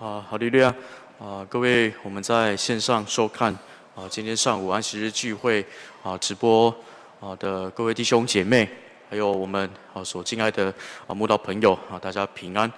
啊，哈利路亞！啊，各位，我們在線上收看啊，今天上午安息日聚會啊直播啊的各位弟兄姐妹，還有我們啊所敬愛的啊慕道朋友啊，大家平安！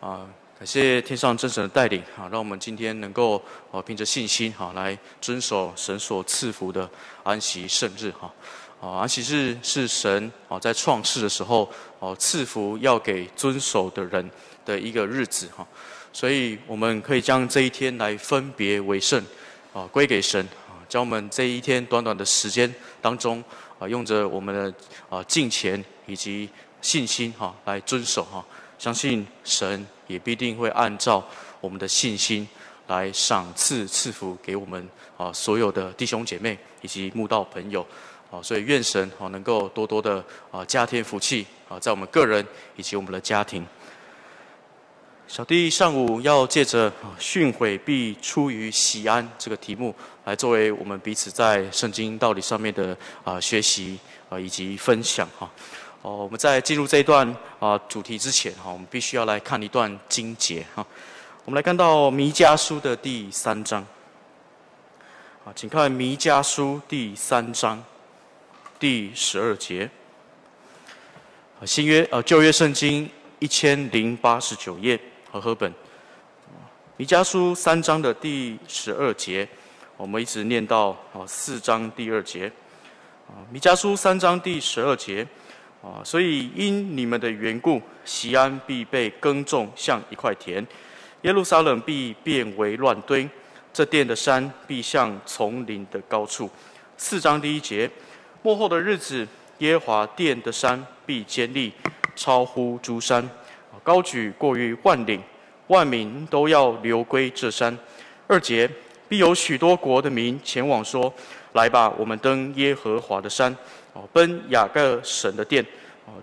啊，感謝天上真神的帶領啊，讓我們今天能夠啊憑着信心哈、啊、來遵守神所賜福的安息聖日哈、啊。啊，安息日是神啊在創世的時候哦賜、啊、福要給遵守的人的一個日子哈。啊所以，我們可以將這一天來分別為聖，啊、呃，歸給神，啊，將我們這一天短短的時間當中，啊，用着我們的啊敬虔以及信心哈、啊、來遵守哈、啊，相信神也必定會按照我們的信心來賞賜賜福給我們啊所有的弟兄姐妹以及慕道朋友，啊，所以願神啊能夠多多的啊加添福氣啊在我們個人以及我們的家庭。小弟上午要借着“訓誨必出於錫安”這個題目，來作為我們彼此在聖經道理上面的啊學習啊以及分享哈。哦，我們在進入這一段啊主題之前哈，我們必須要來看一段經節哈。我們來看到《彌迦書》的第三章，啊，請看《彌迦書》第三章第十二節，新約啊舊約聖經一千零八十九頁。和合本，《米迦書》三章的第十二節，我們一直念到啊四章第二節，《米迦書》三章第十二節，啊，所以因你們的緣故，錫安必被耕種，像一塊田；耶路撒冷必變為亂堆，這殿的山必像叢林的高處。四章第一節，末後的日子，耶華殿的山必堅立，超乎諸山。高舉過於萬嶺，萬民都要流歸這山。二節必有許多國的民前往說：“來吧，我們登耶和華的山，奔雅各神的殿，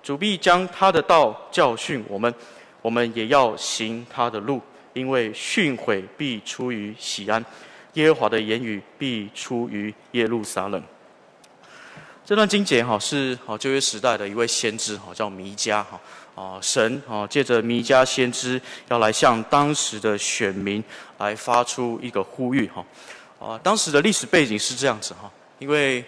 主必將他的道教訓我們，我們也要行他的路，因為訓誨必出於錫安，耶和華的言語必出於耶路撒冷。”這段經節哈是好舊約時代的一位先知哈，叫彌迦哈。啊，神啊，借着彌迦先知要來向當時的選民來發出一個呼籲哈。啊，當時的歷史背景是這樣子哈、啊，因為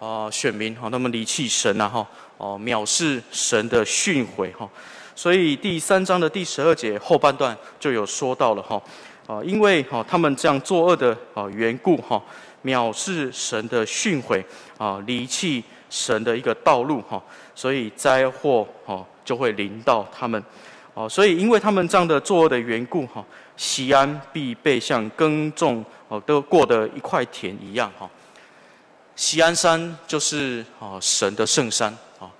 啊，選民哈、啊，他們離棄神啊，哈，哦，藐視神的訓誨哈、啊，所以第三章的第十二節後半段就有說到了哈。啊，因為哈、啊，他們這樣作惡的啊緣故哈、啊，藐視神的訓誨啊，離棄神的一個道路哈、啊，所以災禍哈。啊就會臨到他們，哦，所以因為他們這樣的作惡的緣故，哈、啊，錫安必被像耕種哦、啊，都過的一塊田一樣，哈、啊。錫安山就是、啊、神的聖山，哦、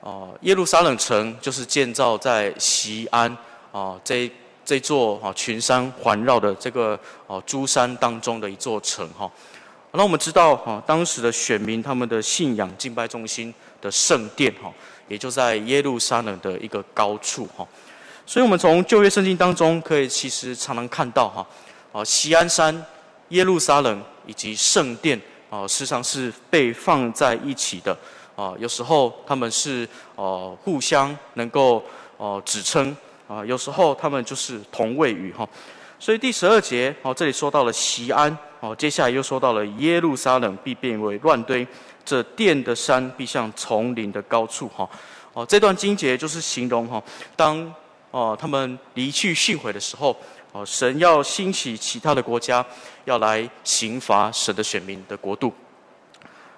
啊啊，耶路撒冷城就是建造在錫安，啊，這這座、啊、群山環繞的這個、啊、諸山當中的一座城，哈、啊啊。那我們知道，哈、啊，當時的選民他們的信仰敬拜中心的聖殿，哈、啊。也就在耶路撒冷的一個高處，哈，所以我們從舊約聖經當中可以其實常常看到，哈，啊，錫安山、耶路撒冷以及聖殿，啊，實際上是被放在一起的，啊，有時候他們是哦互相能夠哦指稱，啊，有時候他們就是同位語，哈，所以第十二節哦，這裡說到了錫安，哦，接下來又說到了耶路撒冷必變為亂堆。這殿的山必像叢林的高處，哈，哦，這段經節就是形容哈，當哦他們離去訓誨的時候，哦，神要興起其他的國家，要來刑罰神的選民的國度，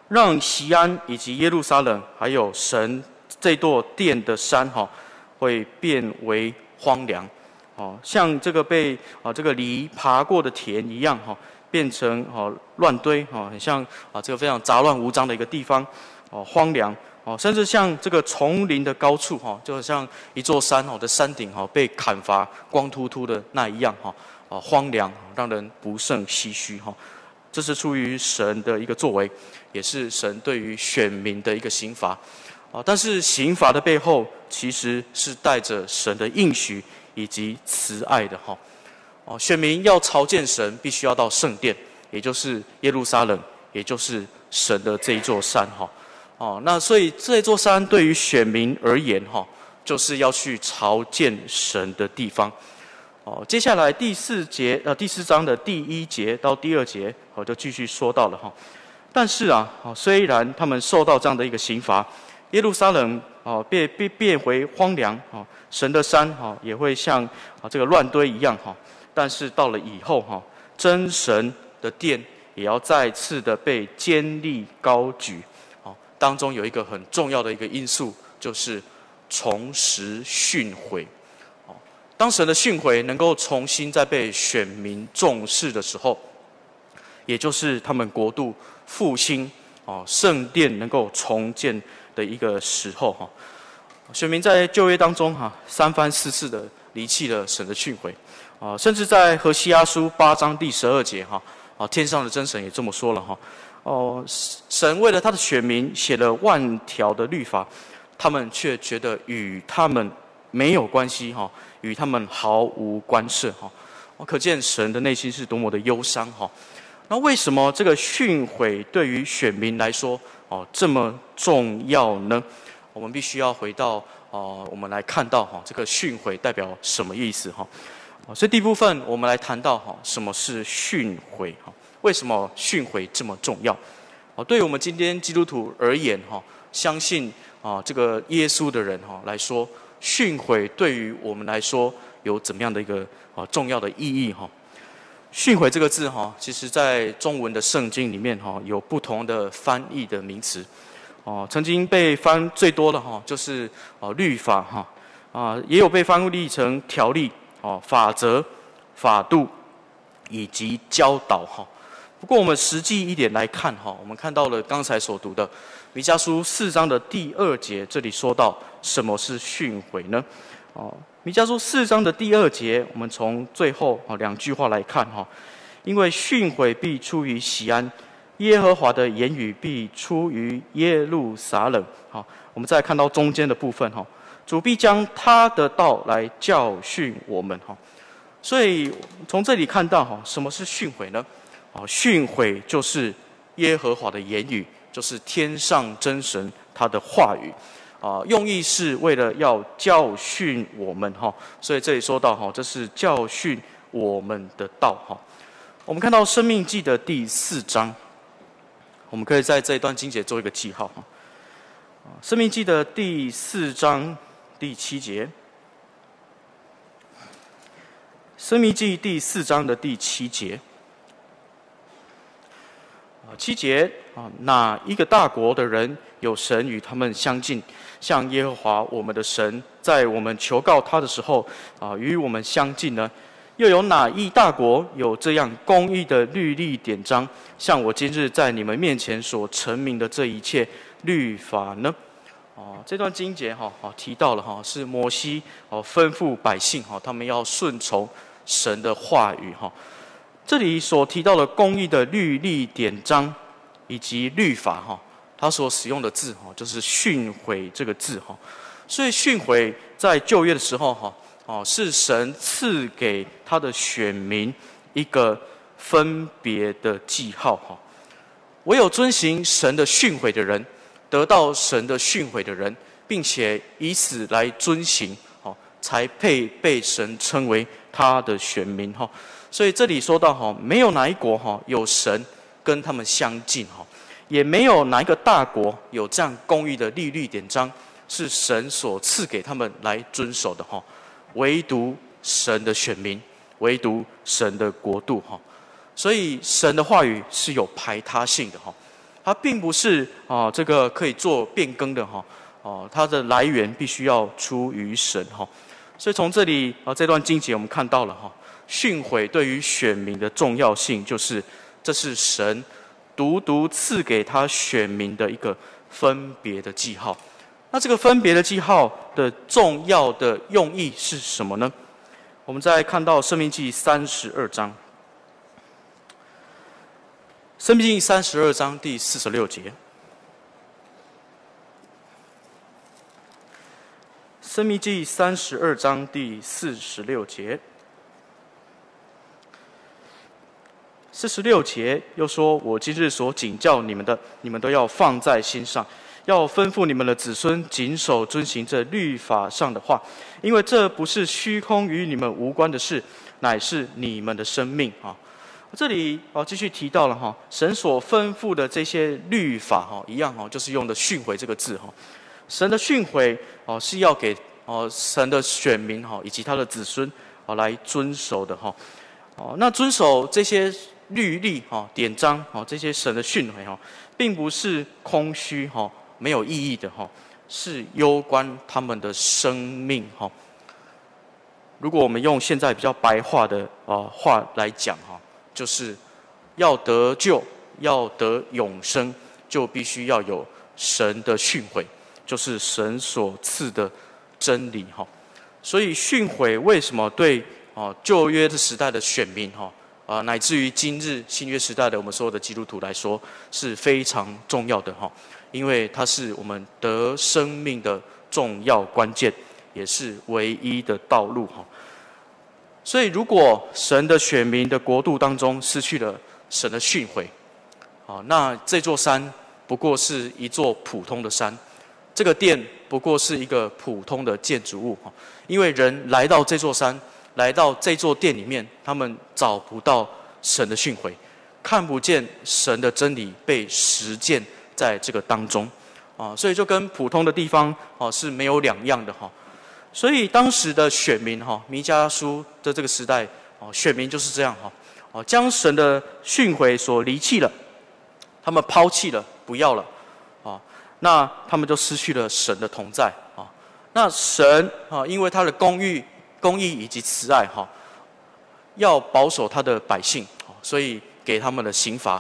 讓錫安以及耶路撒冷還有神這座殿的山哈，會變為荒涼，哦，像這個被啊這個犁爬過的田一樣哈。變成哦亂堆哦，很像啊這個非常雜亂無章的一個地方哦荒涼哦，甚至像這個叢林的高處哈，就好像一座山哦的山頂哦被砍伐光禿禿的那一樣哈哦荒涼，讓人不勝唏噓哈。這是出於神的一個作為，也是神對於選民的一個刑罰啊。但是刑罰的背後其實是帶着神的應許以及慈愛的哈。哦，選民要朝見神，必須要到聖殿，也就是耶路撒冷，也就是神的這一座山，哈。哦，那所以這座山對於選民而言，哈，就是要去朝見神的地方。哦，接下來第四節，呃，第四章的第一節到第二節，我就繼續說到了哈。但是啊，哦，雖然他們受到這樣的一個刑罰，耶路撒冷哦變變變回荒涼，哦，神的山哦也會像啊這個亂堆一樣，哈。但是到了以後，哈，真神的殿也要再次的被堅立高舉，哦，當中有一個很重要的一個因素，就是重拾訓誨，哦，當神的訓誨能夠重新再被選民重視的時候，也就是他們國度復興，哦，聖殿能夠重建的一個時候，哈，選民在舊約當中，哈，三番四次的離棄了神的訓誨。啊，甚至在《何西阿書》八章第十二節，哈，啊，天上的真神也這麼說了，哈，哦，神為了他的選民寫了萬條的律法，他們卻覺得與他們沒有關係，哈，與他們毫無關係，哈，可見神的內心是多麼的憂傷，哈。那為什麼這個訓誨對於選民來說，哦，這麼重要呢？我們必須要回到，哦，我們來看到，哈，這個訓誨代表什麼意思，哈。所以第一部分，我們來談到哈，什麼是訓誨哈？為什麼訓誨這麼重要？哦，對於我們今天基督徒而言哈，相信啊，這個耶穌的人哈來說，訓誨對於我們來說有怎麼樣的一個啊重要的意義哈？訓誨這個字哈，其實在中文的聖經裡面哈有不同的翻譯的名詞哦，曾經被翻最多的哈就是律法哈啊，也有被翻譯成條例。哦，法則、法度以及教導哈。不過我們實際一點來看哈，我們看到了剛才所讀的彌迦書四章的第二節，這裡說到什麼是訓誨呢？哦，彌迦書四章的第二節，我們從最後哦兩句話來看哈，因為訓誨必出於錫安，耶和華的言語必出於耶路撒冷。好，我們再看到中間的部分哈。主必將他的道來教訓我們哈，所以從這裡看到哈，什麼是訓誨呢？啊，訓誨就是耶和華的言語，就是天上真神他的話語，啊，用意是為了要教訓我們哈，所以這裡說到哈，這是教訓我們的道哈。我們看到申命記的第四章，我們可以在這一段經節做一個記號哈。申命記的第四章。第七節，《申命記》第四章的第七節七節啊，哪一個大國的人有神與他們相近，像耶和華我們的神，在我們求告他的時候啊，與我們相近呢？又有哪一大國有這樣公義的律例典章，像我今日在你們面前所陳明的這一切律法呢？哦，這段經節哈，好、哦、提到了哈、哦，是摩西哦吩咐百姓哈、哦，他們要順從神的話語哈、哦。這裡所提到的公義的律例典章以及律法哈，他、哦、所使用的字哈、哦，就是“訓誨”這個字哈、哦。所以“訓誨”在舊約的時候哈，哦，哦是神賜給他的選民一個分別的記號哈。唯、哦、有遵行神的訓誨的人。得到神的訓誨的人，並且以此來遵行，哦，才配被神稱為他的選民，哈。所以這裡說到，哈，沒有哪一國，哈，有神跟他們相近，哈，也沒有哪一個大國有這樣公義的律例典章，是神所賜給他們來遵守的，哈。唯獨神的選民，唯獨神的國度，哈。所以神的話語是有排他性的，哈。它並不是啊，這個可以做變更的哈，啊，它的來源必須要出於神哈，所以從這裡啊，這段經節我們看到了哈，訓誨對於選民的重要性，就是這是神獨獨賜給他選民的一個分別的記號。那這個分別的記號的重要的用意是什麼呢？我們再看到申命記三十二章。申命記三十二章第四十六節。申命記三十二章第四十六節。四十六節又說：“我今日所警教你們的，你們都要放在心上，要吩咐你們的子孫謹守遵行這律法上的話，因為這不是虛空與你們無關的事，乃是你們的生命啊。”這裡哦，繼續提到了哈，神所吩咐的這些律法哈，一樣哦，就是用的“訓誨”這個字哈。神的訓誨哦，是要給哦神的選民哈，以及他的子孫哦來遵守的哈。哦，那遵守這些律例哈，典章哦，這些神的訓誨哦，並不是空虛哈，沒有意義的哈，是攸關他們的生命哈。如果我們用現在比較白話的啊話來講哈。就是要得救、要得永生，就必須要有神的訓誨，就是神所賜的真理哈。所以訓誨為什麼對哦舊約的時代的選民哈啊，乃至於今日新約時代的我們所有的基督徒來說是非常重要的哈，因為它是我們得生命的重要關鍵，也是唯一的道路哈。所以，如果神的選民的國度當中失去了神的訓誨，啊，那這座山不過是一座普通的山，這個殿不過是一個普通的建築物，因為人來到這座山、來到這座殿裡面，他們找不到神的訓誨，看不見神的真理被實踐在這個當中，啊，所以就跟普通的地方啊是沒有兩樣的哈。所以當時的選民哈，彌迦書的這個時代哦，選民就是這樣哈哦，將神的訓誨所離棄了，他們拋棄了，不要了啊，那他們就失去了神的同在啊。那神啊，因為他的公義、公義以及慈愛哈，要保守他的百姓，所以給他們的刑罰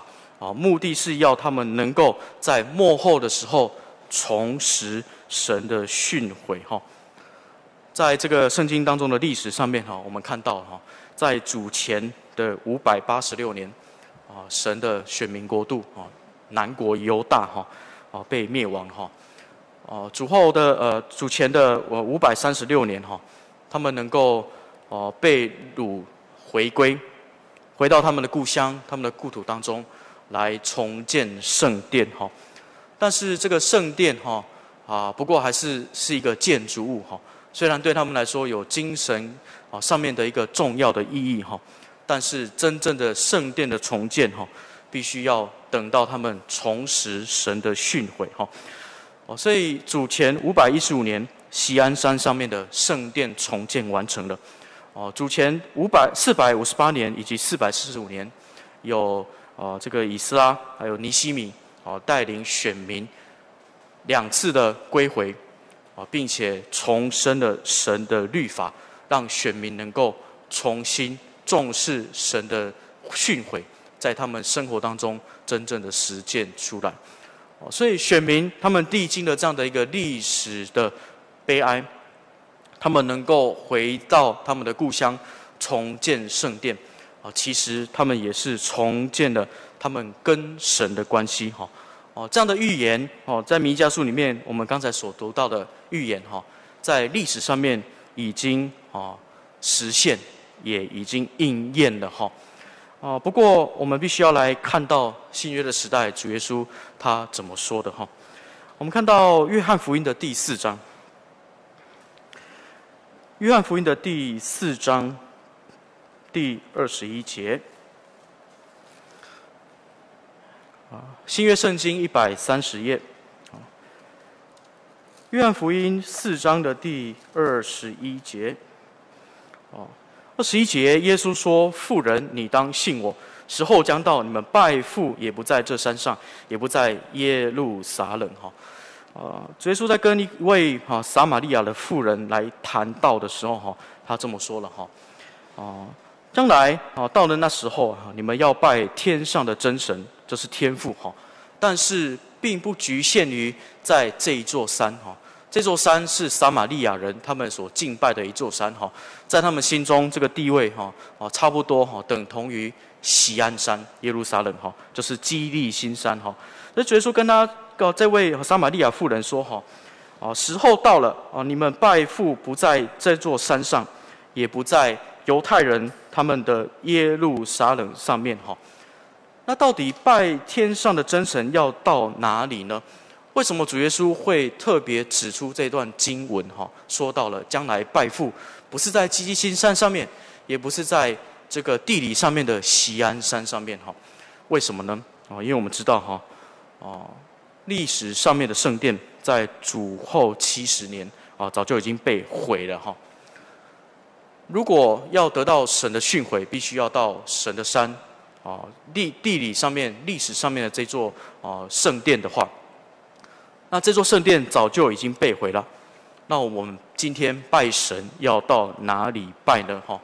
啊，目的是要他們能夠在末後的時候重拾神的訓誨哈。在這個聖經當中的歷史上面哈，我們看到哈，在主前的五百八十六年啊，神的選民國度哈，南國猶大哈啊，被滅亡哈。哦，主後的呃，主前的我五百三十六年哈，他們能夠哦被擄回歸，回到他們的故鄉、他們的故土當中來重建聖殿哈。但是這個聖殿哈啊，不過還是是一個建築物哈。雖然對他們來說有精神啊上面的一個重要的意義哈，但是真正的聖殿的重建哈，必須要等到他們重拾神的訓誨哈哦，所以主前五百一十五年，錫安山上面的聖殿重建完成了哦，主前五百四百五十八年以及四百四十五年，有哦這個以斯拉還有尼希米哦帶領選民兩次的歸回。並且重申了神的律法，讓選民能夠重新重視神的訓誨，在他們生活當中真正的實踐出來。所以選民他們歷經了這樣的一個歷史的悲哀，他們能夠回到他們的故鄉，重建聖殿。啊，其實他們也是重建了他們跟神的關係。哈。哦，這樣的預言哦，在彌迦書裡面，我們剛才所讀到的預言哈、哦，在歷史上面已經哦實現，也已經應驗了哈。啊、哦，不過我們必須要來看到新約的時代，主耶穌他怎麼說的哈、哦？我們看到約翰福音的第四章，約翰福音的第四章第二十一節。啊，《新約聖經》一百三十頁，啊，《約翰福音》四章的第二十一節，哦，二十一節，耶穌說：“婦人，你當信我，時候將到，你們拜父也不在這山上，也不在耶路撒冷，哈，啊，耶穌在跟一位哈撒瑪利亞的婦人來談道的時候，哈，他這麼說了，哈，哦，將來啊到了那時候，哈，你們要拜天上的真神。”就是天父哈，但是並不局限於在這一座山哈。這座山是撒瑪利亞人他們所敬拜的一座山哈，在他們心中這個地位哈，啊，差不多哈等同於錫安山耶路撒冷哈，就是基利心山哈。那耶穌跟他這位撒瑪利亞婦人說哈，啊，時候到了啊，你們拜父不在這座山上，也不在猶太人他們的耶路撒冷上面哈。那到底拜天上的真神要到哪裡呢？為什麼主耶穌會特別指出這段經文？哈，說到了將來拜父，不是在基利心山上面，也不是在這個地理上面的錫安山上面。哈，為什麼呢？啊，因為我們知道哈，啊，歷史上面的聖殿在主後七十年啊，早就已經被毀了。哈，如果要得到神的訓誨，必須要到神的山。啊，地地理上面、歷史上面的這座啊呃、聖殿的話，那這座聖殿早就已經被毀了。那我們今天拜神要到哪裡拜呢？哈、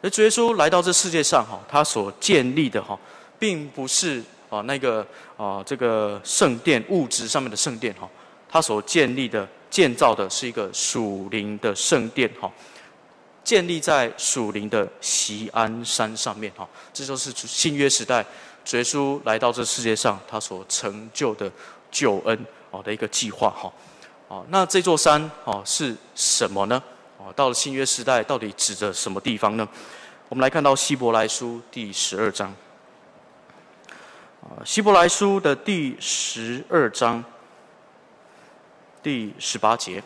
呃，而主耶穌來到這世界上哈，他所建立的哈，並不是啊那個啊、呃、這個聖殿物質上面的聖殿哈，他所建立的建造的是一個屬靈的聖殿哈。呃建立在屬靈的錫安山上面，哈，這就是新約時代，耶穌來到這世界上，他所成就的救恩，哦的一個計劃，哈，那這座山，哦是什麼呢？到了新約時代，到底指着什麼地方呢？我們來看到希伯來書第十二章，啊，希伯來書的第十二章，第十八節。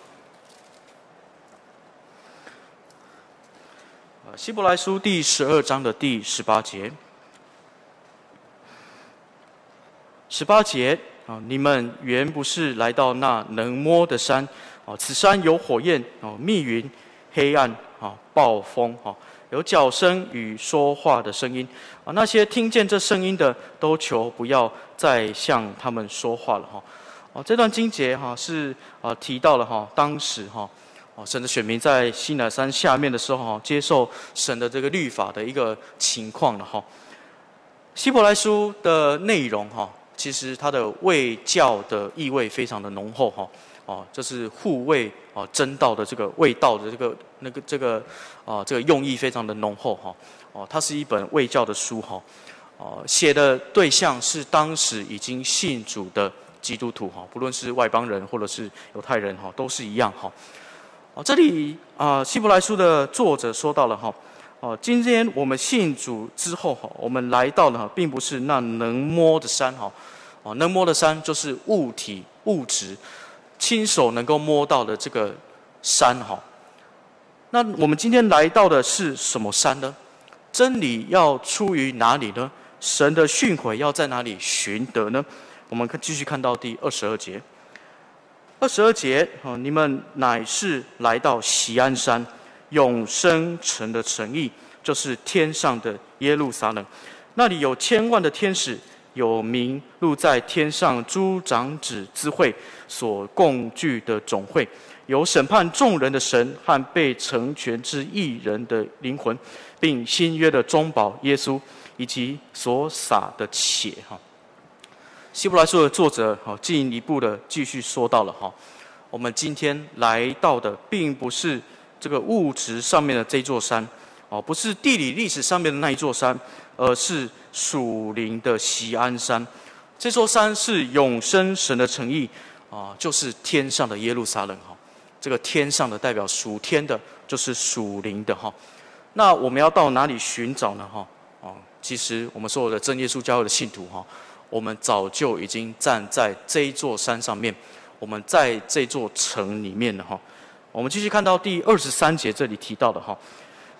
希伯來書第十二章的第十八節，十八節啊，你們原不是來到那能摸的山啊，此山有火焰啊、密雲、黑暗啊、暴風啊，有角聲與說話的聲音啊，那些聽見這聲音的，都求不要再向他們說話了哈。哦，這段經節哈是啊提到了哈，當時哈。哦，神的選民在西乃山下面的時候，接受神的這個律法的一個情況了，哈。希伯來書的內容，哈，其實它的衛教的意味非常的濃厚，哈。哦，這是護衛哦真道的這個衛道的這個那個這個哦、啊、這個用意非常的濃厚，哈。哦，它是一本衛教的書，哈。哦，寫的對象是當時已經信主的基督徒，哈，不論是外邦人或者是猶太人，哈，都是一樣，哈。哦，這裡啊，希伯來書的作者說到了哈，哦、啊，今天我們信主之後哈、啊，我們來到了、啊，並不是那能摸的山哈，哦、啊啊，能摸的山就是物體物質，親手能夠摸到的這個山哈、啊。那我們今天來到的是什麼山呢？真理要出於哪裡呢？神的訓誨要在哪裡尋得呢？我們可繼續看到第二十二節。二十二節，哈！你們乃是來到錫安山，永生城的城邑，就是天上的耶路撒冷，那裡有千萬的天使，有名錄在天上諸長子之會所共聚的總會，有審判眾人的神和被成全之義人的靈魂，並新約的中保耶穌，以及所灑的血，哈！希伯來書的作者哈、哦，進一步的繼續說到了哈、哦，我們今天來到的並不是這個物質上面的這座山哦，不是地理歷史上面的那一座山，而是屬靈的錫安山。這座山是永生神的城邑啊、哦，就是天上的耶路撒冷哈、哦。這個天上的代表屬天的，就是屬靈的哈、哦。那我們要到哪裡尋找呢哈？啊、哦，其實我們所有的真耶穌教會的信徒哈。哦我們早就已經站在這座山上面，我們在這座城裡面了哈。我們繼續看到第二十三節這裡提到的哈，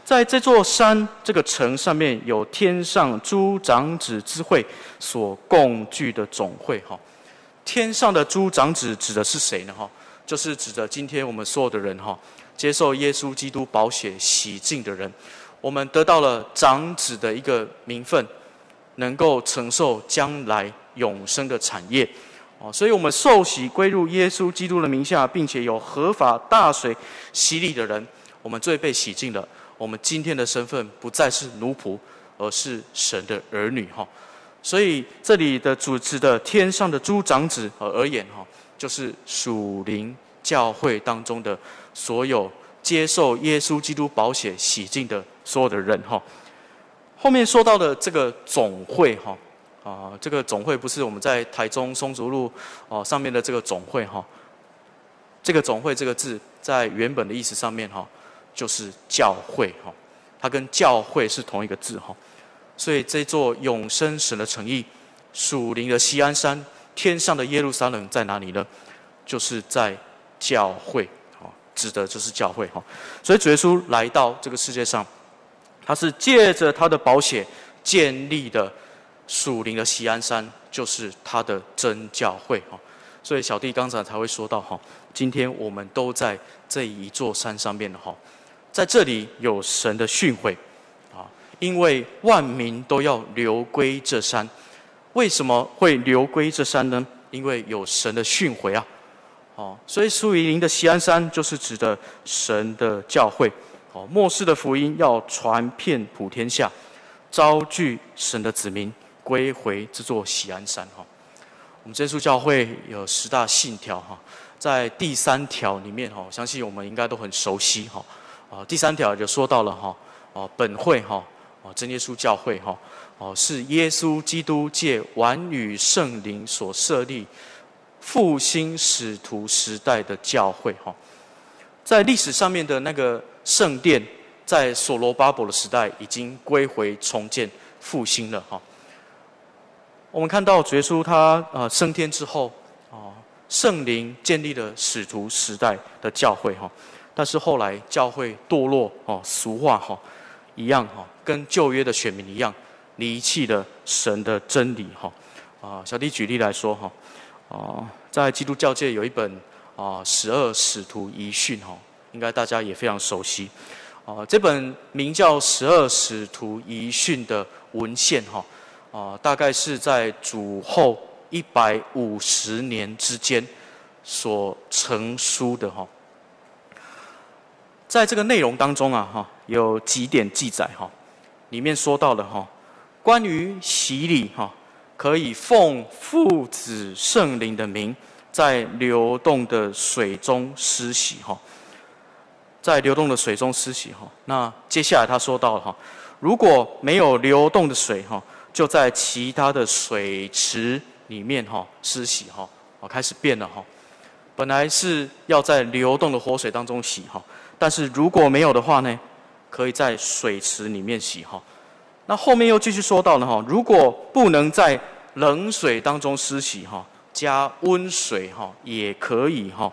在這座山、這個城上面，有天上諸長子之會所共聚的總會哈。天上的諸長子指的是誰呢哈？就是指的今天我們所有的人哈，接受耶穌基督寶血洗淨的人，我們得到了長子的一個名分。能夠承受將來永生的產業，哦，所以，我們受洗歸入耶穌基督的名下，並且有合法大水洗禮的人，我們罪被洗淨了。我們今天的身份不再是奴僕，而是神的兒女哈。所以，這裡的主持的天上的諸長子而而言哈，就是屬靈教會當中的所有接受耶穌基督寶血洗淨的所有的人哈。後面說到的這個總會哈，啊、呃，這個總會不是我們在台中松竹路哦、呃、上面的這個總會哈、呃，這個總會這個字在原本的意思上面哈、呃，就是教會哈、呃，它跟教會是同一個字哈、呃，所以這座永生神的城邑，屬靈的錫安山，天上的耶路撒冷在哪裡呢？就是在教會哦、呃，指的就是教會哈、呃，所以主耶穌來到這個世界上。他是借着他的寶血建立的，屬靈的錫安山就是他的真教會啊。所以小弟剛才才會說到哈，今天我們都在這一座山上面的哈，在這裡有神的訓誨啊，因為萬民都要流歸這山。為什麼會流歸這山呢？因為有神的訓誨啊。哦，所以屬靈的錫安山就是指的神的教會。末世的福音要傳遍普天下，招聚神的子民歸回這座錫安山。哈，我們真耶穌教會有十大信條。哈，在第三條裡面，哈，相信我們應該都很熟悉。哈，啊，第三條就說到了。哈，哦，本會哈，哦，真耶穌教會哈，哦，是耶穌基督藉晚雨聖靈所設立復興使徒時代的教會。哈，在歷史上面的那個。聖殿在所羅巴伯的時代已經歸回、重建、復興了哈。我們看到主耶穌他呃升天之後哦，聖靈建立了使徒時代的教會哈，但是後來教會墮落哦，俗化哈，一樣哈，跟舊約的選民一樣，離棄了神的真理哈。啊，小弟舉例來說哈，哦，在基督教界有一本啊《十二使徒遺訓》哈。應該大家也非常熟悉，啊，這本名叫《十二使徒遺訓》的文獻，哈、啊，啊，大概是在主後一百五十年之間所成書的，哈。在這個內容當中啊，哈、啊，有幾點記載，哈、啊，裡面說到了哈、啊，關於洗禮，哈、啊，可以奉父子聖靈的名，在流動的水中施洗，哈、啊。在流動的水中施洗哈，那接下來他說到了哈，如果沒有流動的水哈，就在其他的水池裡面哈施洗哈。啊，開始變了哈，本來是要在流動的活水當中洗哈，但是如果沒有的話呢，可以在水池裡面洗哈。那後面又繼續說到了哈，如果不能在冷水當中施洗哈，加溫水哈也可以哈。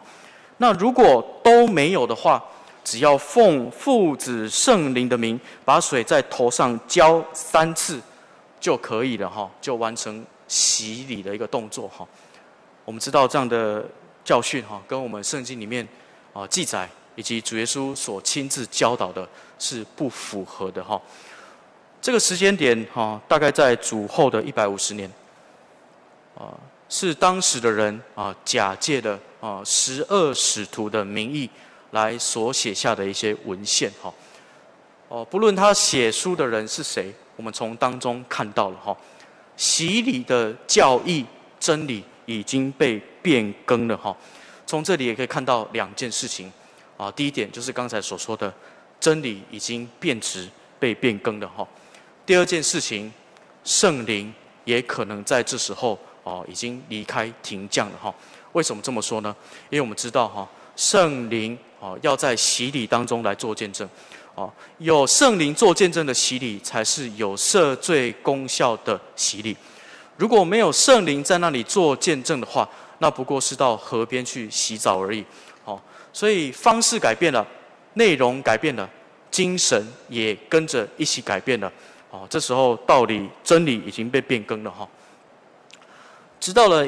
那如果都沒有的話，只要奉父子聖靈的名，把水在頭上澆三次就可以了哈，就完成洗禮的一個動作哈。我們知道這樣的教訓哈，跟我們聖經裡面啊記載以及主耶穌所親自教導的是不符合的哈。這個時間點哈，大概在主後的一百五十年啊，是當時的人啊假借的啊十二使徒的名義。來所寫下的一些文獻，哈，哦，不論他寫書的人是誰，我們從當中看到了哈、哦，洗禮的教義真理已經被變更了哈。從、哦、這裡也可以看到兩件事情，啊、哦，第一點就是剛才所說的真理已經變質被變更了哈、哦。第二件事情，聖靈也可能在這時候哦已經離開停降了哈、哦。為什麼這麼說呢？因為我們知道哈，聖、哦、靈。哦，要在洗禮當中來做見證，哦，有聖靈做見證的洗禮才是有赦罪功效的洗禮。如果沒有聖靈在那裡做見證的話，那不過是到河邊去洗澡而已。哦，所以方式改變了，內容改變了，精神也跟着一起改變了。哦，這時候道理真理已經被變更了哈。直到了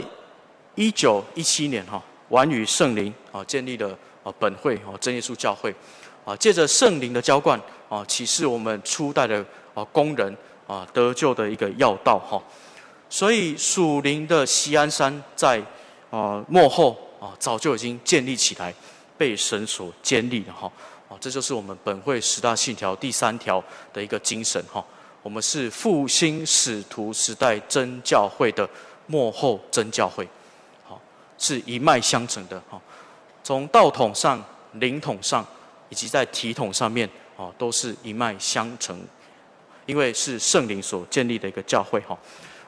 一九一七年哈，晚雨聖靈啊建立了。啊，本會啊，真耶穌教會，啊，借着聖靈的澆灌啊，啟示我們初代的啊工人啊得救的一個要道哈。所以屬靈的錫安山在啊末後啊，早就已經建立起來，被神所建立的哈。啊，這就是我們本會十大信條第三條的一個精神哈。我們是復興使徒時代真教會的末後真教會，好是一脈相承的哈。從道統上、靈統上，以及在體統上面，哦，都是一脈相承，因為是聖靈所建立的一個教會，哈，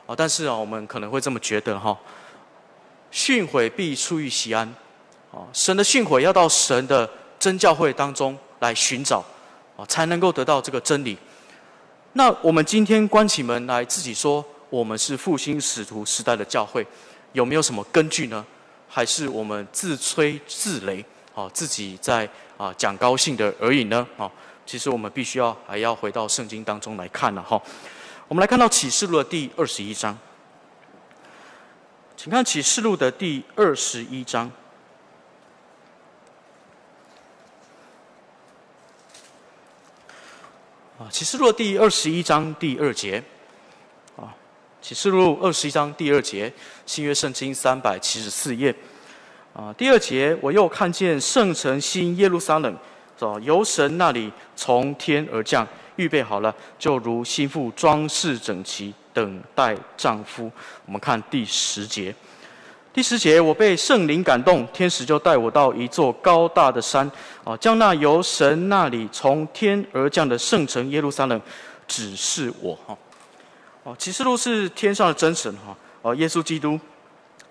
啊，但是啊，我們可能會這麼覺得，哈，訓誨必出於錫安，啊，神的訓誨要到神的真教會當中來尋找，啊，才能夠得到這個真理。那我們今天關起門來自己說，我們是復興使徒時代的教會，有沒有什麼根據呢？還是我們自吹自擂，哦，自己在啊講高興的而已呢，哦，其實我們必須要還要回到聖經當中來看了哈。我們來看到啟示錄的第二十一章，請看啟示錄的第二十一章，啊，啟示錄的第二十一章第二節。啟示錄二十一章第二節，新約聖經三百七十四頁。啊，第二節，我又看見聖城新耶路撒冷，是吧？由神那裡從天而降，預備好了，就如新婦裝飾整齊，等待丈夫。我們看第十節。第十節，我被聖靈感動，天使就帶我到一座高大的山，啊，將那由神那裡從天而降的聖城耶路撒冷指示我，哦，《啟示錄》是天上的真神哈，哦，耶穌基督，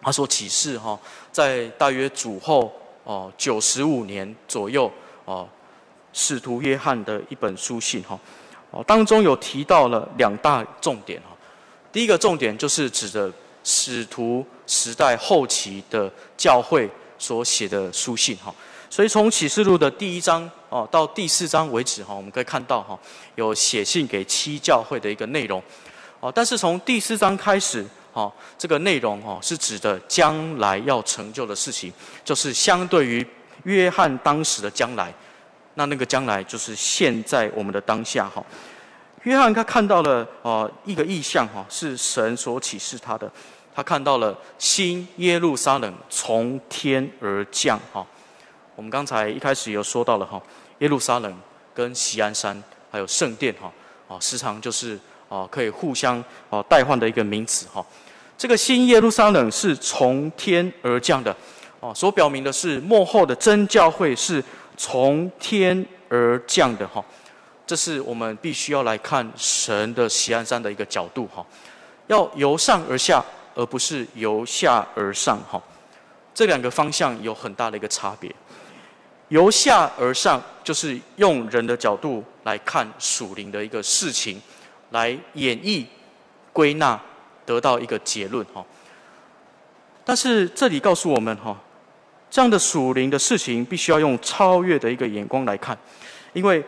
他所啟示哈，在大約主後哦九十五年左右哦，使徒約翰的一本書信哈，哦，當中有提到了兩大重點哈。第一個重點就是指的使徒時代後期的教會所寫的書信哈，所以從《啟示錄》的第一章哦到第四章為止哈，我們可以看到哈，有寫信給七教會的一個內容。但是從第四章開始，哈，這個內容，哈，是指的將來要成就的事情，就是相對於約翰當時的將來，那那個將來就是現在我們的當下，哈。約翰他看到了，呃，一個異象，哈，是神所啟示他的，他看到了新耶路撒冷從天而降，哈。我們剛才一開始有說到了，哈，耶路撒冷跟錫安山還有聖殿，哈，啊，時常就是。哦，可以互相哦代換的一個名詞哈。這個新耶路撒冷是從天而降的，哦，所表明的是末後的真教會是從天而降的哈。這是我們必須要來看神的錫安山的一個角度哈。要由上而下，而不是由下而上哈。這兩個方向有很大的一個差別。由下而上，就是用人的角度來看屬靈的一個事情。來演繹、歸納，得到一個結論，哈。但是這裡告訴我們，哈，這樣的屬靈的事情必須要用超越的一個眼光來看，因為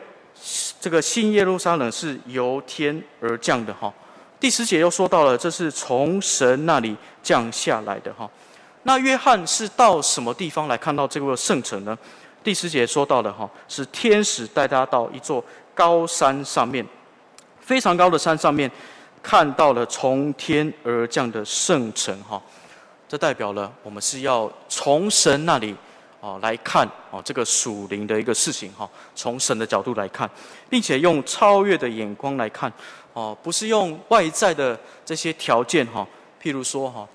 這個新耶路撒冷是由天而降的，哈。第十節又說到了，這是從神那裡降下來的，哈。那約翰是到什麼地方來看到這個聖城呢？第十節說到了，哈，是天使帶他到一座高山上面。非常高的山上面，看到了從天而降的聖城，哈，這代表了我們是要從神那裡，啊，來看啊這個屬靈的一個事情，哈，從神的角度來看，並且用超越的眼光來看，哦，不是用外在的這些條件，哈，譬如說，哈，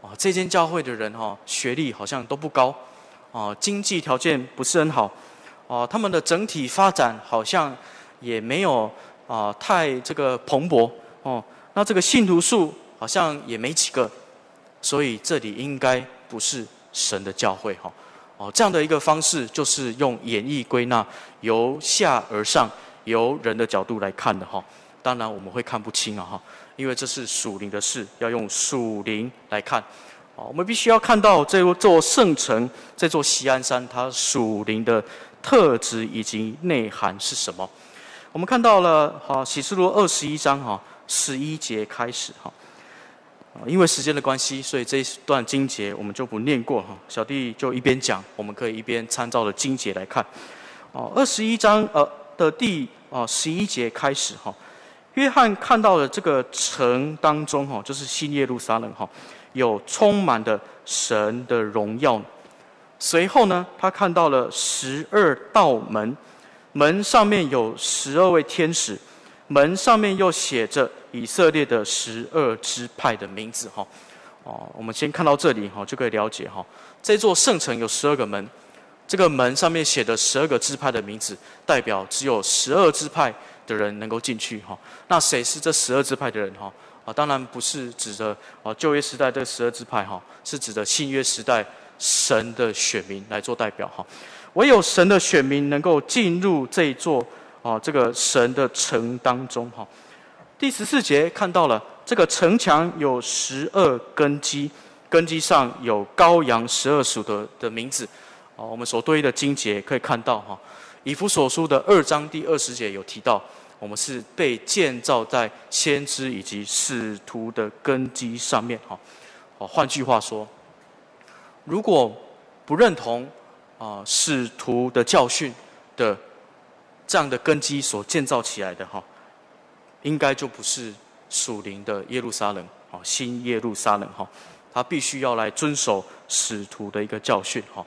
啊，這間教會的人，哈，學歷好像都不高，啊，經濟條件不是很好，啊，他們的整體發展好像也沒有。啊、呃，太這個蓬勃哦，那這個信徒數好像也沒幾個，所以這裡應該不是神的教會哈。哦，這樣的一個方式就是用演繹歸納，由下而上，由人的角度來看的哈、哦。當然我們會看不清啊哈、哦，因為這是屬靈的事，要用屬靈來看。哦，我們必須要看到這座聖城，這座錫安山，它屬靈的特質以及內涵是什麼。我們看到了哈啟示錄二十一章哈十一節開始哈，因為時間的關係，所以這一段經節我們就不念過哈。小弟就一邊講，我們可以一邊參照着經節來看。哦，二十一章呃的第哦十一節開始哈，約翰看到了這個城當中哈，就是新耶路撒冷哈，有充滿的神的榮耀。隨後呢，他看到了十二道門。門上面有十二位天使，門上面又寫着以色列的十二支派的名字哈，哦，我們先看到這裡哈，就可以了解哈，這座聖城有十二個門，這個門上面寫的十二個支派的名字，代表只有十二支派的人能夠進去哈。那誰是這十二支派的人哈？啊，當然不是指着啊舊約時代的十二支派哈，是指着新約時代神的選民來做代表哈。唯有神的選民能夠進入這座啊這個神的城當中哈。第十四節看到了這個城牆有十二根基，根基上有羔羊十二屬的的名字。啊，我們所對應的經節可以看到哈、啊，以弗所書的二章第二十節有提到，我們是被建造在先知以及使徒的根基上面哈。哦、啊，換、啊、句話說，如果不認同。啊，使徒的教訓的這樣的根基所建造起來的哈，應該就不是屬靈的耶路撒冷哈，新耶路撒冷哈，他必須要來遵守使徒的一個教訓哈。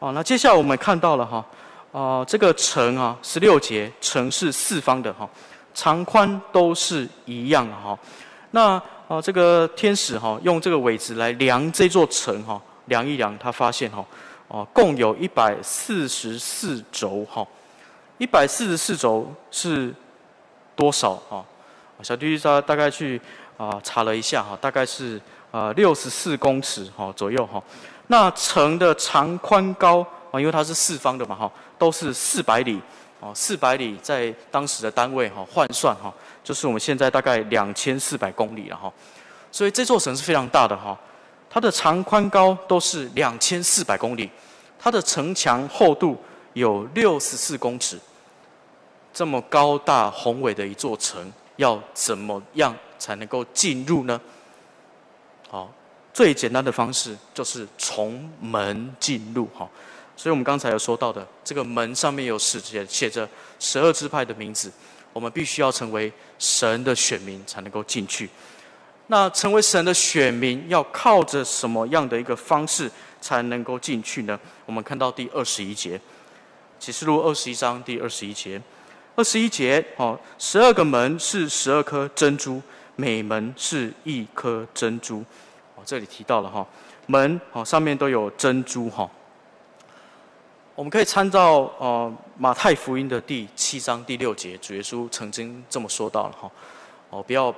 啊，那接下來我們看到了哈，啊，這個城啊，十六節，城是四方的哈，長寬都是一樣哈。那啊，這個天使哈，用這個葦子來量這座城哈，量一量，他發現哈。哦，共有一百四十四肘哈，一百四十四肘是多少啊？小弟家大概去啊查了一下哈，大概是啊六十四公尺哈左右哈。那城的長寬高啊，因為它是四方的嘛哈，都是四百裡哦，四百裡在當時的單位哈換算哈，就是我們現在大概兩千四百公里了哈。所以這座城是非常大的哈。它的長寬高都是兩千四百公里，它的城牆厚度有六十四公尺。這麼高大宏偉的一座城，要怎麼樣才能夠進入呢？好，最簡單的方式就是從門進入哈。所以，我們剛才有說到的，這個門上面有寫寫着十二支派的名字，我們必須要成為神的選民，才能夠進去。那成為神的選民，要靠着什麼樣的一個方式才能夠進去呢？我們看到第二十一節，啟示錄二十一章第二十一節，二十一節哦，十二個門是十二顆珍珠，每門是一顆珍珠。哦，這裡提到了哈，門哦上面都有珍珠哈。我們可以參照哦，馬太福音的第七章第六節，主耶穌曾經這麼說到了哈，哦不要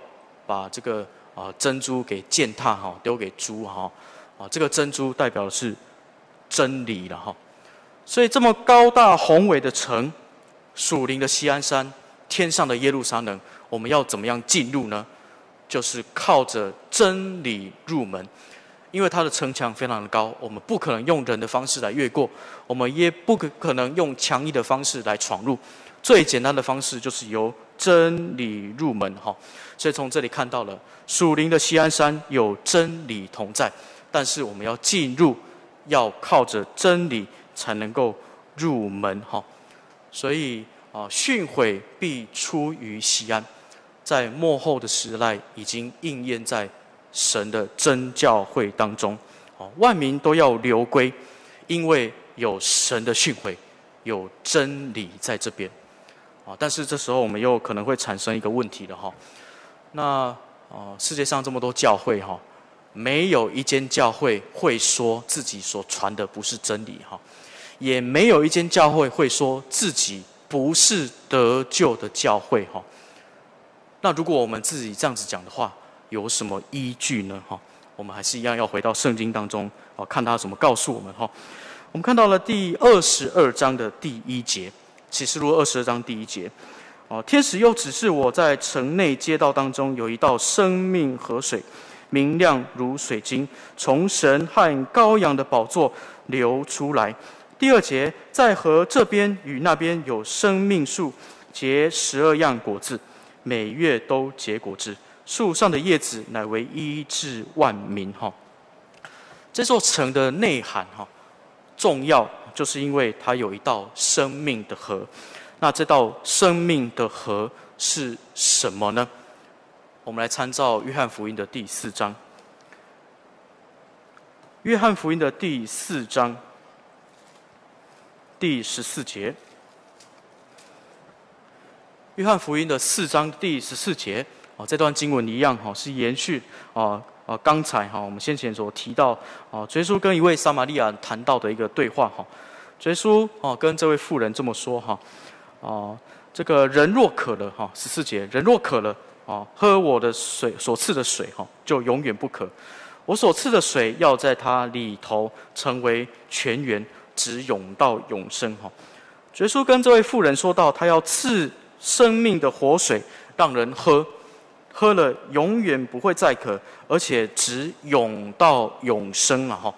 把這個。啊，珍珠給踐踏哈，丟給豬哈，啊，這個珍珠代表的是真理了哈。所以這麼高大宏偉的城，屬靈的錫安山，天上的耶路撒冷，我們要怎麼樣進入呢？就是靠着真理入門，因為它的城牆非常的高，我們不可能用人的方式來越過，我們也不可可能用強硬的方式來闖入。最簡單的方式就是由真理入門哈。所以從這裡看到了，屬靈的錫安山有真理同在，但是我們要進入，要靠着真理才能夠入門，哈。所以啊，訓誨必出於錫安，在末後的時代已經應驗在神的真教會當中，啊，萬民都要流歸，因為有神的訓誨，有真理在這邊，啊。但是這時候我們又可能會產生一個問題了哈。那哦、呃，世界上這麼多教會哈，沒有一間教會會說自己所傳的不是真理哈，也沒有一間教會會說自己不是得救的教會哈。那如果我們自己這樣子講的話，有什麼依據呢？哈，我們還是一樣要回到聖經當中哦，看他怎麼告訴我們哈。我們看到了第二十二章的第一節，啟示錄二十二章第一節。哦，天使又指示我在城內街道當中有一道生命河水，明亮如水晶，從神和羔羊的寶座流出來。第二節，在河這邊與那邊有生命樹，結十二樣果子，每月都結果子。樹上的葉子乃為醫治萬民。哈、哦，這座城的內涵哈重要，就是因為它有一道生命的河。那這道生命的河是什麼呢？我們來參照約翰福音的第四章。約翰福音的第四章，第十四節。約翰福音的四章第十四節啊，這段經文一樣哈，是延續啊啊剛才哈我們先前所提到啊，耶穌跟一位撒瑪利亞談到的一個對話哈，耶穌跟這位婦人這麼說哈。哦，這個人若渴了，哈，十四節，人若渴了，啊、哦，喝我的水所賜的水，哈、哦，就永遠不渴。我所賜的水要在他裡頭成為泉源，直湧到永生，哈、哦。耶穌跟這位婦人說道，他要賜生命的活水讓人喝，喝了永遠不會再渴，而且直湧到永生啊，哈、哦。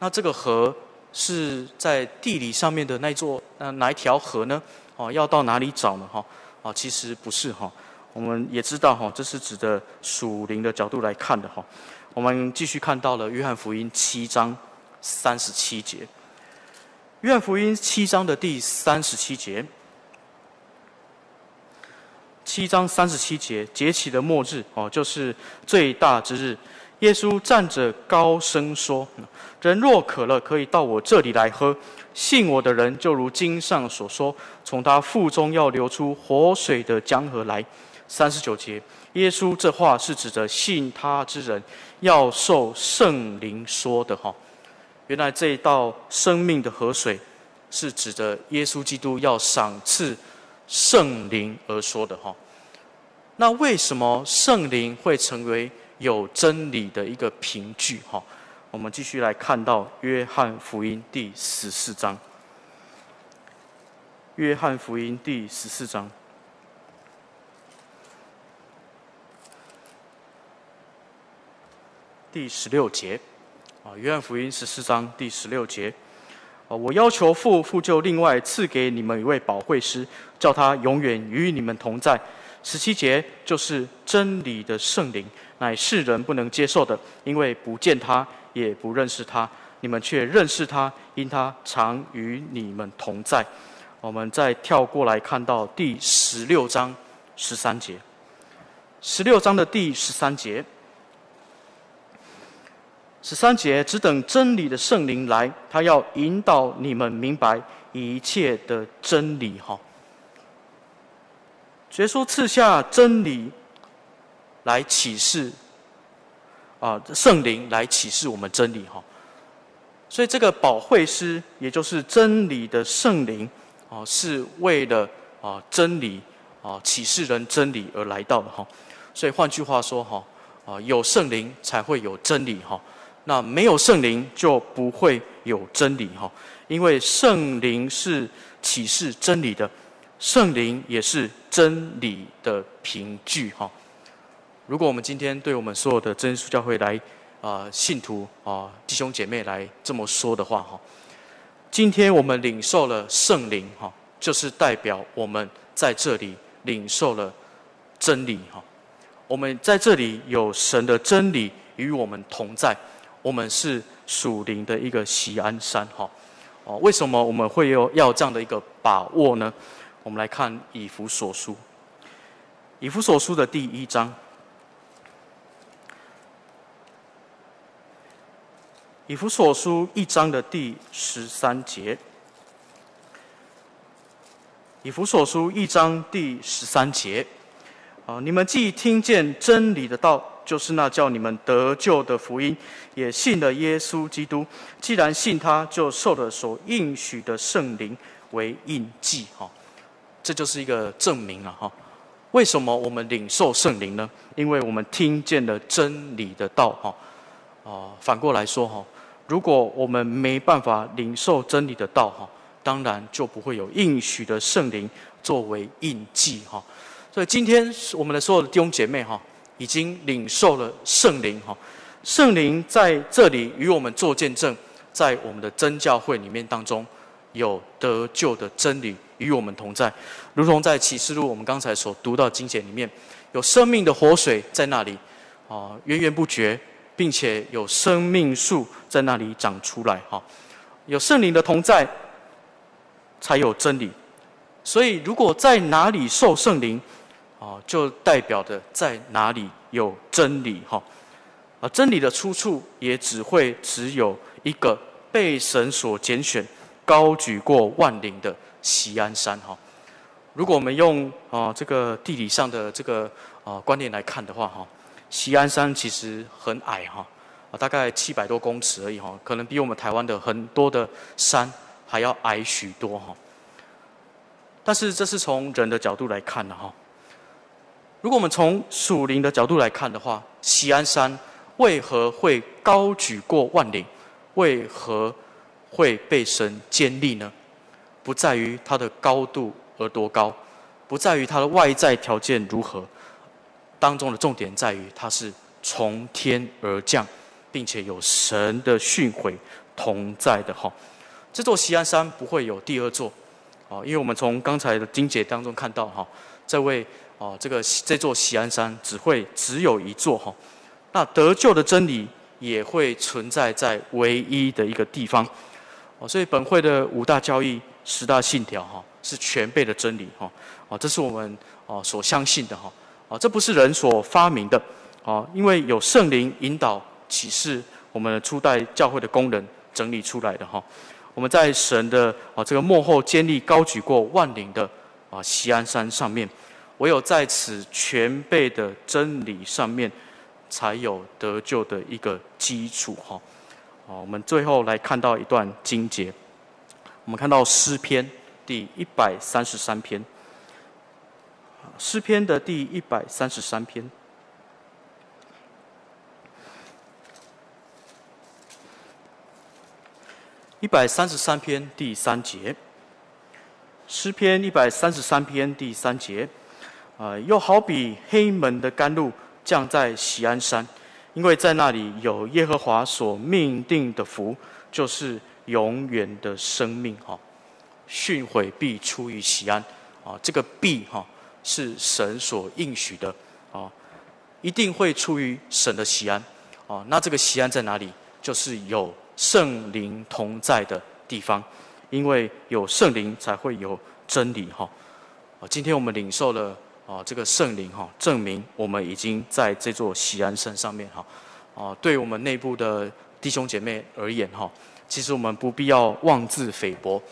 那這個河是在地理上面的那座，嗯，哪一條河呢？哦，要到哪裡找呢？哈，哦，其實不是哈，我們也知道哈，這是指的屬靈的角度來看的哈。我們繼續看到了約翰福音七章三十七節，約翰福音七章的第三十七節，七章三十七節，節期的末日哦，就是最大之日。耶穌站着高聲說：“人若渴了，可以到我這裡來喝。”信我的人就如經上所說，從他腹中要流出活水的江河來。三十九節，耶穌這話是指着信他之人要受聖靈說的哈。原來這一道生命的河水是指着耶穌基督要賞賜聖靈而說的哈。那為什麼聖靈會成為有真理的一個憑據哈？我們繼續來看到約《約翰福音》第十四章，《約翰福音》第十四章第十六節，啊，《約翰福音》十四章第十六節，啊，我要求父父就另外賜給你們一位保惠師，叫他永遠與你們同在。十七節就是真理的聖靈，乃世人不能接受的，因為不見他。也不認識他，你們卻認識他，因他常與你們同在。我們再跳過來看到第十六章十三節。十六章的第十三節，十三節，只等真理的聖靈來，他要引導你們明白一切的真理。哈，耶穌賜下真理來啟示。啊，聖靈來啟示我們真理哈，所以這個保惠師，也就是真理的聖靈，哦，是為了啊真理啊啟示人真理而來到的哈。所以換句話說哈，啊有聖靈才會有真理哈，那沒有聖靈就不會有真理哈，因為聖靈是啟示真理的，聖靈也是真理的憑據哈。如果我們今天對我們所有的真耶穌教會來啊、呃，信徒啊、呃，弟兄姐妹來這麼說的話，哈，今天我們領受了聖靈，哈、哦，就是代表我們在這裡領受了真理，哈、哦，我們在這裡有神的真理與我們同在，我們是屬靈的一個錫安山，哈、哦，哦，為什麼我們會有要有這樣的一個把握呢？我們來看以弗所書，以弗所書的第一章。以弗所書一章的第十三節，以弗所書一章第十三節，啊，你們既聽見真理的道，就是那叫你們得救的福音，也信了耶穌基督。既然信他，就受了所應許的聖靈為印記。哈，這就是一個證明了，啊，哈。為什麼我們領受聖靈呢？因為我們聽見了真理的道。哈，啊，反過來說哈。如果我們沒辦法領受真理的道哈，當然就不會有應許的聖靈作為印記哈。所以今天我們的所有的弟兄姐妹哈，已經領受了聖靈哈，聖靈在這裡與我們做見證，在我們的真教會裡面當中有得救的真理與我們同在，如同在啟示錄我們剛才所讀到的經節裡面，有生命的活水在那裡啊，源源不絕。並且有生命樹在那裡長出來哈，有聖靈的同在，才有真理。所以，如果在哪裡受聖靈，哦，就代表着在哪裡有真理哈。啊，真理的出處也只會只有一個被神所揀選、高舉過萬嶺的錫安山哈。如果我們用啊這個地理上的這個啊觀念來看的話哈。錫安山其實很矮哈，啊，大概七百多公尺而已哈，可能比我們台灣的很多的山還要矮許多哈。但是這是從人的角度來看的哈。如果我們從屬靈的角度來看的話，錫安山為何會高舉過萬嶺？為何會被神建立呢？不在於它的高度有多高，不在於它的外在條件如何。當中的重點在於，它是從天而降，並且有神的訓誨同在的哈。這座錫安山不會有第二座，啊，因為我們從剛才的經節當中看到哈，這位啊，這個這座錫安山只會只有一座哈。那得救的真理也會存在在唯一的一個地方，哦，所以本會的五大教義、十大信條哈，是全備的真理哈，啊，這是我們啊所相信的哈。啊，這不是人所發明的，啊，因為有聖靈引導啟示，我們初代教會的工人整理出來的哈，我們在神的啊這個末後堅立高舉過萬嶺的啊錫安山上面，唯有在此全備的真理上面，才有得救的一個基礎哈，啊，我們最後來看到一段經節，我們看到詩篇第一百三十三篇。詩篇的第一百三十三篇，一百三十三篇第三節。詩篇一百三十三篇第三節，啊、呃，又好比黑門的甘露降在錫安山，因為在那裡有耶和華所命定的福，就是永遠的生命。哈、啊，訓誨必出於錫安。啊，這個必哈。啊是神所應許的，啊，一定會出於神的錫安，啊，那這個錫安在哪裡？就是有聖靈同在的地方，因為有聖靈才會有真理哈，啊，今天我們領受了啊，這個聖靈哈，證明我們已經在這座錫安山上面哈，啊，對我們內部的弟兄姐妹而言哈，其實我們不必要妄自菲薄，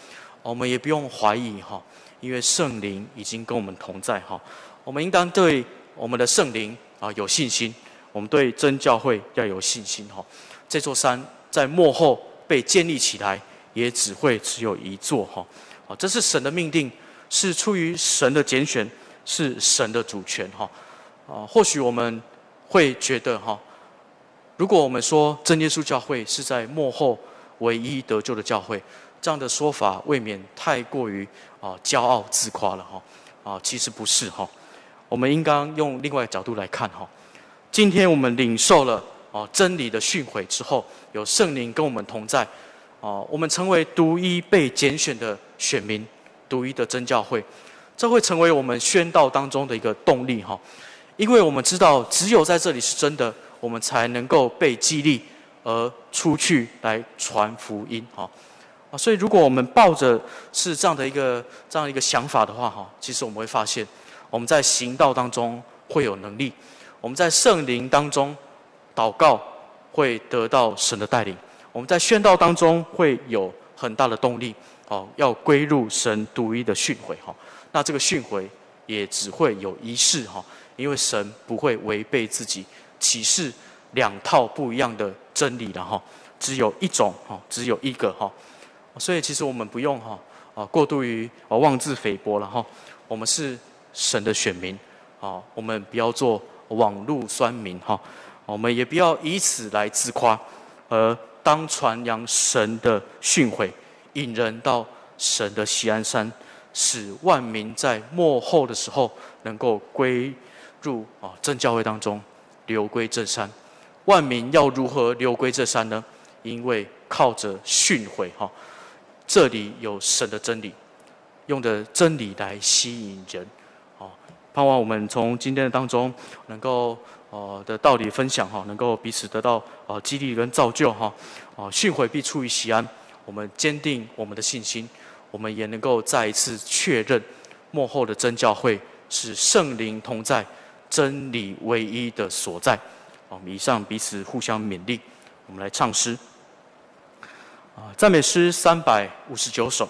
我們也不用懷疑哈。因為聖靈已經跟我們同在哈，我們應當對我們的聖靈啊有信心，我們對真教會要有信心哈。這座山在末後被建立起來，也只會只有一座哈。啊，這是神的命定，是出於神的揀選，是神的主權哈。啊，或許我們會覺得哈，如果我們說真耶穌教會是在末後唯一得救的教會，這樣的說法未免太過於……啊，驕傲自誇了哈！啊，其實不是哈，啊，我們應該用另外角度來看哈，啊。今天我們領受了，啊，真理的訓誨之後，有聖靈跟我們同在，啊，我們成為獨一被揀選的選民，獨一的真教會，這會成為我們宣道當中的一個動力哈，啊，因為我們知道只有在這裡是真的，我們才能夠被激勵而出去來傳福音哈。啊啊，所以如果我們抱着是這樣的一個、這樣一個想法的話，哈，其實我們會發現，我們在行道當中會有能力；我們在聖靈當中禱告會得到神的帶領；我們在宣道當中會有很大的動力。哦、啊，要歸入神獨一的訓誨，哈、啊。那這個訓誨也只會有一式。哈、啊，因為神不會違背自己啟示兩套不一樣的真理的，哈、啊，只有一種，啊、只有一個，哈、啊。所以，其實我們不用哈，啊，過度於啊妄自菲薄了哈。我們是神的選民，啊，我們不要做網路酸民哈。我們也不要以此來自誇，而當傳揚神的訓誨，引人到神的錫安山，使萬民在末後的時候能夠歸入啊正教會當中，流歸這山。萬民要如何流歸這山呢？因為靠着訓誨哈。這裡有神的真理，用的真理來吸引人，哦，盼望我們從今天的當中，能夠呃的道理分享哈，能夠彼此得到呃激勵跟造就哈，哦，訓誨必出於錫安，我們堅定我們的信心，我們也能夠再一次確認幕後的真教會是聖靈同在真理唯一的所在，啊，我們以上彼此互相勉勵，我們來唱詩。啊，讚美詩三百五十九首。